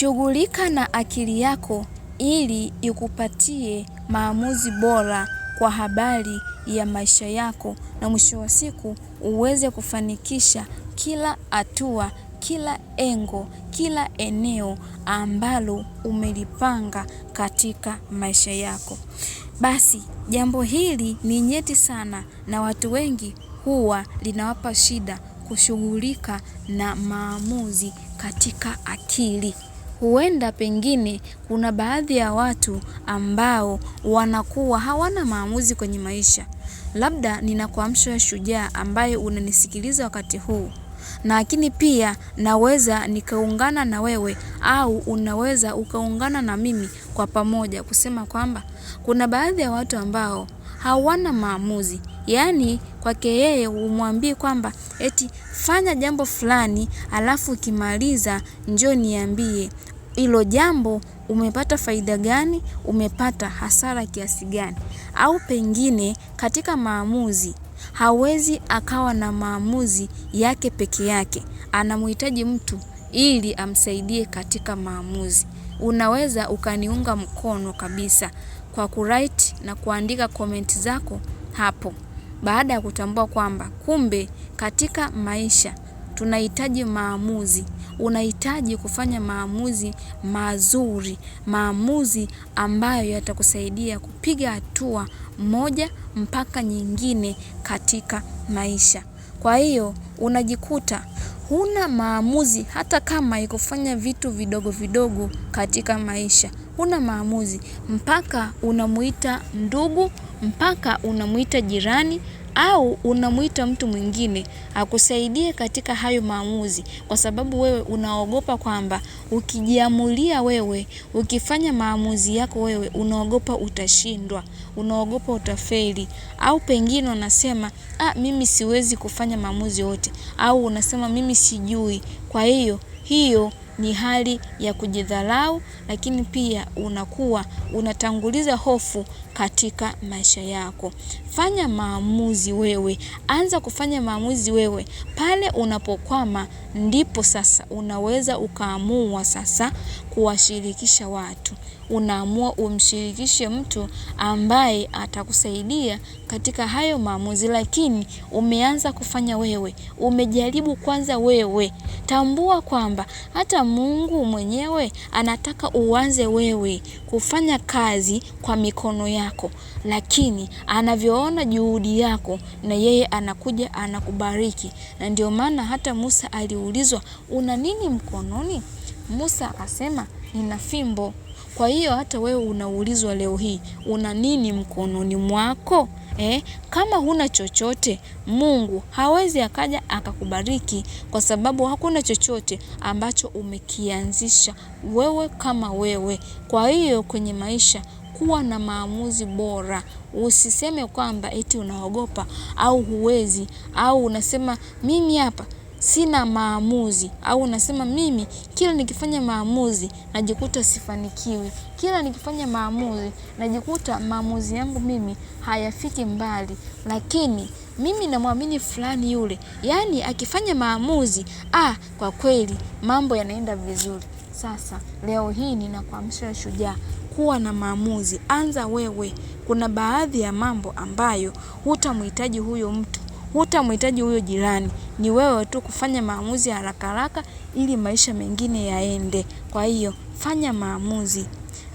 Shughulika na akili yako ili ikupatie maamuzi bora kwa habari ya maisha yako, na mwisho wa siku uweze kufanikisha kila hatua, kila engo, kila eneo ambalo umelipanga katika maisha yako. Basi jambo hili ni nyeti sana, na watu wengi huwa linawapa shida kushughulika na maamuzi katika akili huenda pengine kuna baadhi ya watu ambao wanakuwa hawana maamuzi kwenye maisha. Labda nina ya shujaa ambaye unanisikiliza wakati huu. Lakini pia naweza nikaungana na wewe au unaweza ukaungana na mimi kwa pamoja kusema kwamba kuna baadhi ya watu ambao hawana maamuzi. Yaani kwake yeye umwambie kwamba eti fanya jambo fulani alafu ukimaliza njoo niambie hilo jambo umepata faida gani, umepata hasara kiasi gani. Au pengine katika maamuzi, hawezi akawa na maamuzi yake peke yake. Anamhitaji mtu ili amsaidie katika maamuzi. Unaweza ukaniunga mkono kabisa kwa kuwrite na kuandika comment zako hapo baada ya kutambua kwamba kumbe katika maisha tunahitaji maamuzi, unahitaji kufanya maamuzi mazuri, maamuzi ambayo yatakusaidia kupiga hatua moja mpaka nyingine katika maisha. Kwa hiyo unajikuta huna maamuzi, hata kama ikufanya vitu vidogo vidogo katika maisha, huna maamuzi mpaka unamuita ndugu mpaka unamwita jirani au unamwita mtu mwingine akusaidie katika hayo maamuzi, kwa sababu wewe unaogopa kwamba ukijiamulia wewe, ukifanya maamuzi yako wewe, unaogopa utashindwa, unaogopa utafeli, au pengine unasema ah, mimi siwezi kufanya maamuzi yote, au unasema mimi sijui, kwa hiyo hiyo ni hali ya kujidharau, lakini pia unakuwa unatanguliza hofu katika maisha yako. Fanya maamuzi wewe, anza kufanya maamuzi wewe. Pale unapokwama, ndipo sasa unaweza ukaamua sasa kuwashirikisha watu unaamua umshirikishe mtu ambaye atakusaidia katika hayo maamuzi, lakini umeanza kufanya wewe, umejaribu kwanza wewe. Tambua kwamba hata Mungu mwenyewe anataka uanze wewe kufanya kazi kwa mikono yako, lakini anavyoona juhudi yako na yeye anakuja anakubariki. Na ndio maana hata Musa aliulizwa, una nini mkononi? Musa akasema nina fimbo. Kwa hiyo hata wewe unaulizwa leo hii, una nini mkononi mwako? Eh, kama huna chochote, Mungu hawezi akaja akakubariki kwa sababu hakuna chochote ambacho umekianzisha wewe kama wewe. Kwa hiyo kwenye maisha kuwa na maamuzi bora. Usiseme kwamba eti unaogopa au huwezi au unasema mimi hapa sina maamuzi au nasema mimi kila nikifanya maamuzi najikuta sifanikiwi. Kila nikifanya maamuzi najikuta maamuzi yangu mimi hayafiki mbali lakini mimi namwamini fulani yule. Yaani akifanya maamuzi ah kwa kweli mambo yanaenda vizuri. Sasa leo hii ninakuamsha shujaa kuwa na maamuzi anza wewe kuna baadhi ya mambo ambayo hutamhitaji huyo mtu hutamhitaji huyo jirani, ni wewe tu kufanya maamuzi haraka haraka ili maisha mengine yaende. Kwa hiyo fanya maamuzi,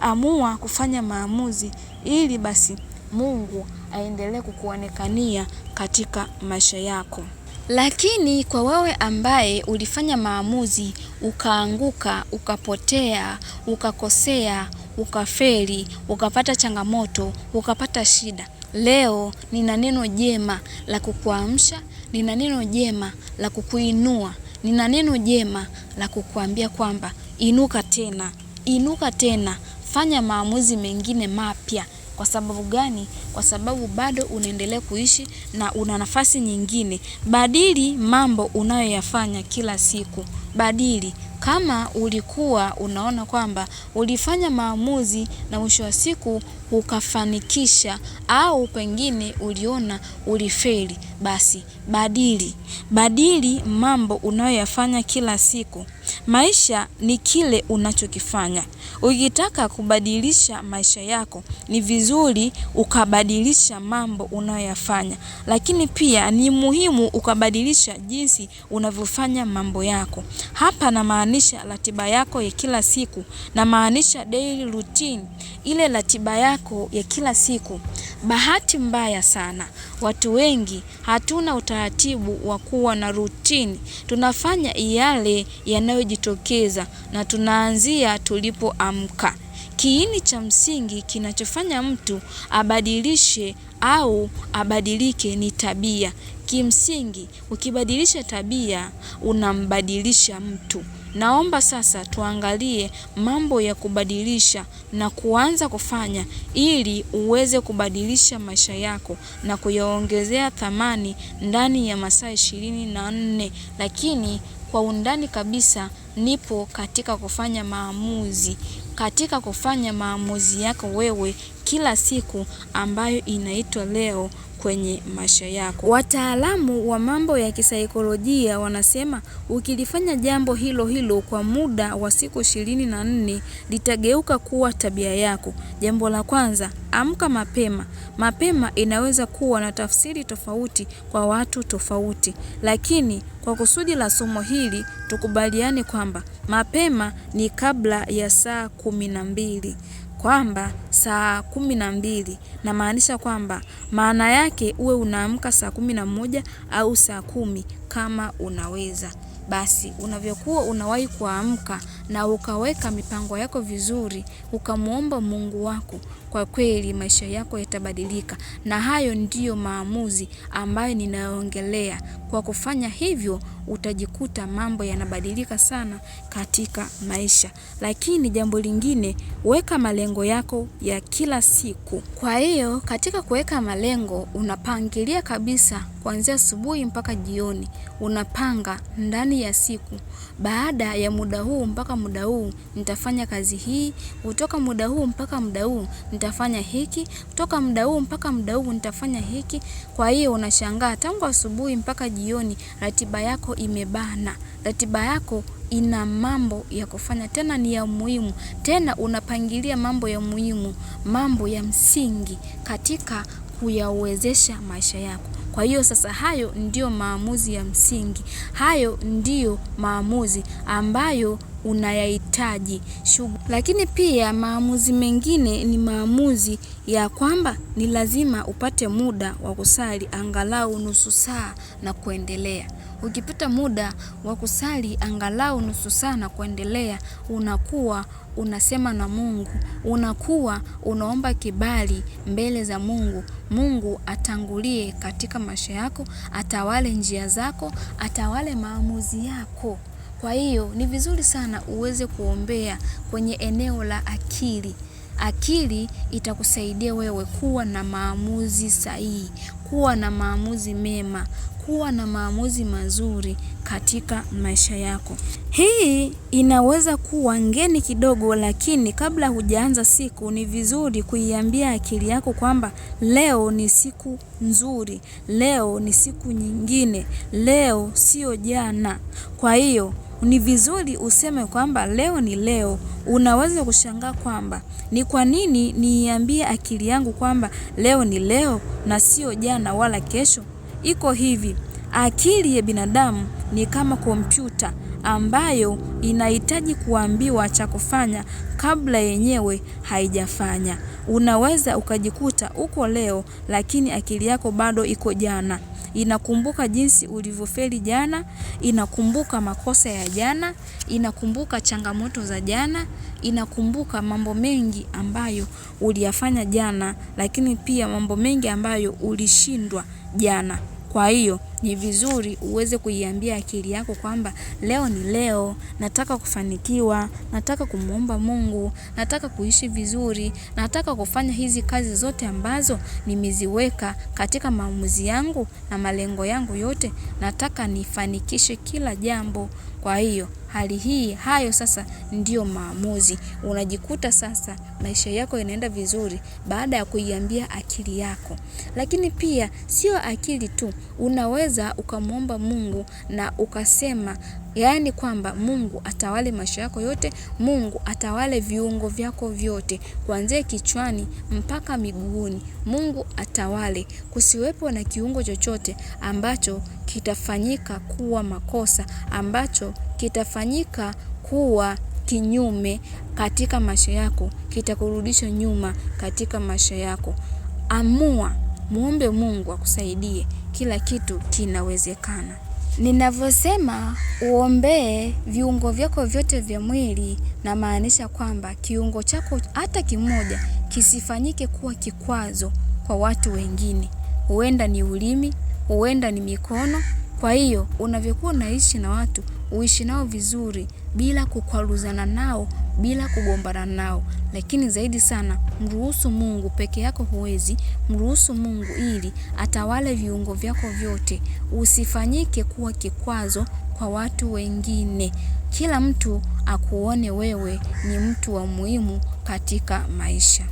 amua kufanya maamuzi ili basi Mungu aendelee kukuonekania katika maisha yako. Lakini kwa wewe ambaye ulifanya maamuzi ukaanguka, ukapotea, ukakosea, ukafeli, ukapata changamoto, ukapata shida Leo nina neno jema la kukuamsha, nina neno jema la kukuinua, nina neno jema la kukuambia kwamba inuka tena, inuka tena, fanya maamuzi mengine mapya. Kwa sababu gani? Kwa sababu bado unaendelea kuishi na una nafasi nyingine. Badili mambo unayoyafanya kila siku, badili. Kama ulikuwa unaona kwamba ulifanya maamuzi na mwisho wa siku ukafanikisha, au pengine uliona ulifeli, basi badili, badili mambo unayoyafanya kila siku. Maisha ni kile unachokifanya. Ukitaka kubadilisha maisha yako ni vizuri ukabadilisha mambo unayoyafanya. Lakini pia ni muhimu ukabadilisha jinsi unavyofanya mambo yako. Hapa namaanisha ratiba yako ya kila siku namaanisha daily routine ile ratiba yako ya kila siku. Bahati mbaya sana, watu wengi hatuna utaratibu wa kuwa na rutini. Tunafanya yale yanayojitokeza na tunaanzia tulipoamka kiini cha msingi kinachofanya mtu abadilishe au abadilike ni tabia. Kimsingi ukibadilisha tabia unambadilisha mtu. Naomba sasa tuangalie mambo ya kubadilisha na kuanza kufanya ili uweze kubadilisha maisha yako na kuyaongezea thamani ndani ya masaa ishirini na nne lakini kwa undani kabisa nipo katika kufanya maamuzi, katika kufanya maamuzi yako wewe kila siku ambayo inaitwa leo kwenye maisha yako. Wataalamu wa mambo ya kisaikolojia wanasema ukilifanya jambo hilo hilo kwa muda wa siku ishirini na nne litageuka kuwa tabia yako. Jambo la kwanza, amka mapema. Mapema inaweza kuwa na tafsiri tofauti kwa watu tofauti, lakini kwa kusudi la somo hili tukubaliane kwamba mapema ni kabla ya saa kumi na mbili kwamba saa kumi na mbili namaanisha kwamba maana yake uwe unaamka saa kumi na moja au saa kumi kama unaweza basi unavyokuwa unawahi kuamka na ukaweka mipango yako vizuri, ukamwomba Mungu wako, kwa kweli maisha yako yatabadilika. Na hayo ndiyo maamuzi ambayo ninaongelea. Kwa kufanya hivyo, utajikuta mambo yanabadilika sana katika maisha. Lakini jambo lingine, weka malengo yako ya kila siku. Kwa hiyo katika kuweka malengo, unapangilia kabisa kuanzia asubuhi mpaka jioni, unapanga ndani ya siku. Baada ya muda huu mpaka muda huu nitafanya kazi hii, kutoka muda huu mpaka muda huu nitafanya hiki, kutoka muda huu mpaka muda huu nitafanya hiki. Kwa hiyo unashangaa tangu asubuhi mpaka jioni ratiba yako imebana. Ratiba yako ina mambo ya kufanya tena ni ya muhimu. Tena unapangilia mambo ya muhimu, mambo ya msingi katika kuyawezesha maisha yako. Kwa hiyo sasa hayo ndiyo maamuzi ya msingi. Hayo ndiyo maamuzi ambayo unayahitaji. Lakini pia maamuzi mengine ni maamuzi ya kwamba ni lazima upate muda wa kusali angalau nusu saa na kuendelea. Ukipata muda wa kusali angalau nusu saa na kuendelea unakuwa unasema na Mungu, unakuwa unaomba kibali mbele za Mungu. Mungu atangulie katika maisha yako, atawale njia zako, atawale maamuzi yako. Kwa hiyo ni vizuri sana uweze kuombea kwenye eneo la akili. Akili itakusaidia wewe kuwa na maamuzi sahihi, kuwa na maamuzi mema, kuwa na maamuzi mazuri katika maisha yako. Hii inaweza kuwa ngeni kidogo lakini kabla hujaanza siku ni vizuri kuiambia akili yako kwamba leo ni siku nzuri, leo ni siku nyingine, leo sio jana. Kwa hiyo ni vizuri useme kwamba leo ni leo. Unaweza kushangaa kwamba ni kwa nini niiambie akili yangu kwamba leo ni leo na sio jana wala kesho? Iko hivi, akili ya binadamu ni kama kompyuta ambayo inahitaji kuambiwa cha kufanya kabla yenyewe haijafanya. Unaweza ukajikuta uko leo lakini akili yako bado iko jana. Inakumbuka jinsi ulivyofeli jana, inakumbuka makosa ya jana, inakumbuka changamoto za jana, inakumbuka mambo mengi ambayo uliyafanya jana lakini pia mambo mengi ambayo ulishindwa jana. Kwa hiyo ni vizuri uweze kuiambia akili yako kwamba leo ni leo, nataka kufanikiwa, nataka kumuomba Mungu, nataka kuishi vizuri, nataka kufanya hizi kazi zote ambazo nimeziweka katika maamuzi yangu na malengo yangu yote, nataka nifanikishe kila jambo. Kwa hiyo hali hii, hayo sasa ndiyo maamuzi. Unajikuta sasa maisha yako yanaenda vizuri baada ya kuiambia akili yako. Lakini pia sio akili tu, unaweza unaweza ukamwomba Mungu na ukasema yaani kwamba Mungu atawale maisha yako yote, Mungu atawale viungo vyako vyote kuanzia kichwani mpaka miguuni. Mungu atawale, kusiwepo na kiungo chochote ambacho kitafanyika kuwa makosa, ambacho kitafanyika kuwa kinyume katika maisha yako, kitakurudisha nyuma katika maisha yako. Amua, muombe Mungu akusaidie kila kitu kinawezekana. Ninavyosema uombee viungo vyako vyote vya mwili, namaanisha kwamba kiungo chako hata kimoja kisifanyike kuwa kikwazo kwa watu wengine. Huenda ni ulimi, huenda ni mikono. Kwa hiyo unavyokuwa unaishi na watu, uishi nao vizuri bila kukwaruzana nao, bila kugombana nao, lakini zaidi sana mruhusu Mungu. Peke yako huwezi, mruhusu Mungu ili atawale viungo vyako vyote. Usifanyike kuwa kikwazo kwa watu wengine. Kila mtu akuone wewe ni mtu wa muhimu katika maisha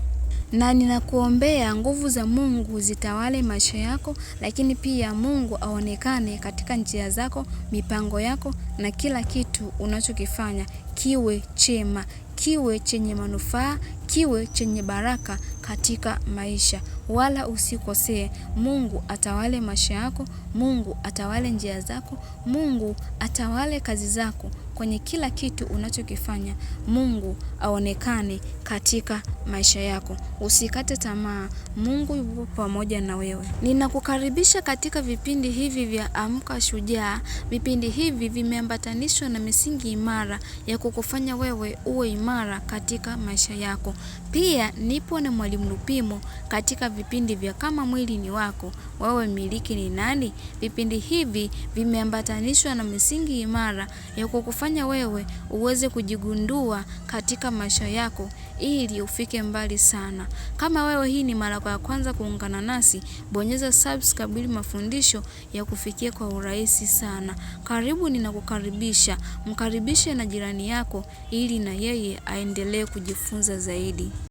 na ninakuombea nguvu za Mungu zitawale maisha yako, lakini pia Mungu aonekane katika njia zako, mipango yako, na kila kitu unachokifanya kiwe chema, kiwe chenye manufaa, kiwe chenye baraka katika maisha, wala usikosee. Mungu atawale maisha yako, Mungu atawale njia zako, Mungu atawale kazi zako, kwenye kila kitu unachokifanya Mungu aonekane katika maisha yako. Usikate tamaa, Mungu yupo pamoja na wewe. Ninakukaribisha katika vipindi hivi vya Amka Shujaa. Vipindi hivi vimeambatanishwa na misingi imara ya kukufanya wewe uwe imara katika maisha yako. Pia nipo na Mwalimu Lupimo katika vipindi vya Kama Mwili ni Wako, Wewe Miliki ni Nani. Vipindi hivi vimeambatanishwa na misingi imara ya kukufanya kufanya wewe uweze kujigundua katika maisha yako ili ufike mbali sana. Kama wewe hii ni mara ya kwanza kuungana nasi, bonyeza subscribe ili mafundisho ya kufikia kwa urahisi sana. Karibu, ninakukaribisha. Mkaribishe na jirani yako ili na yeye aendelee kujifunza zaidi.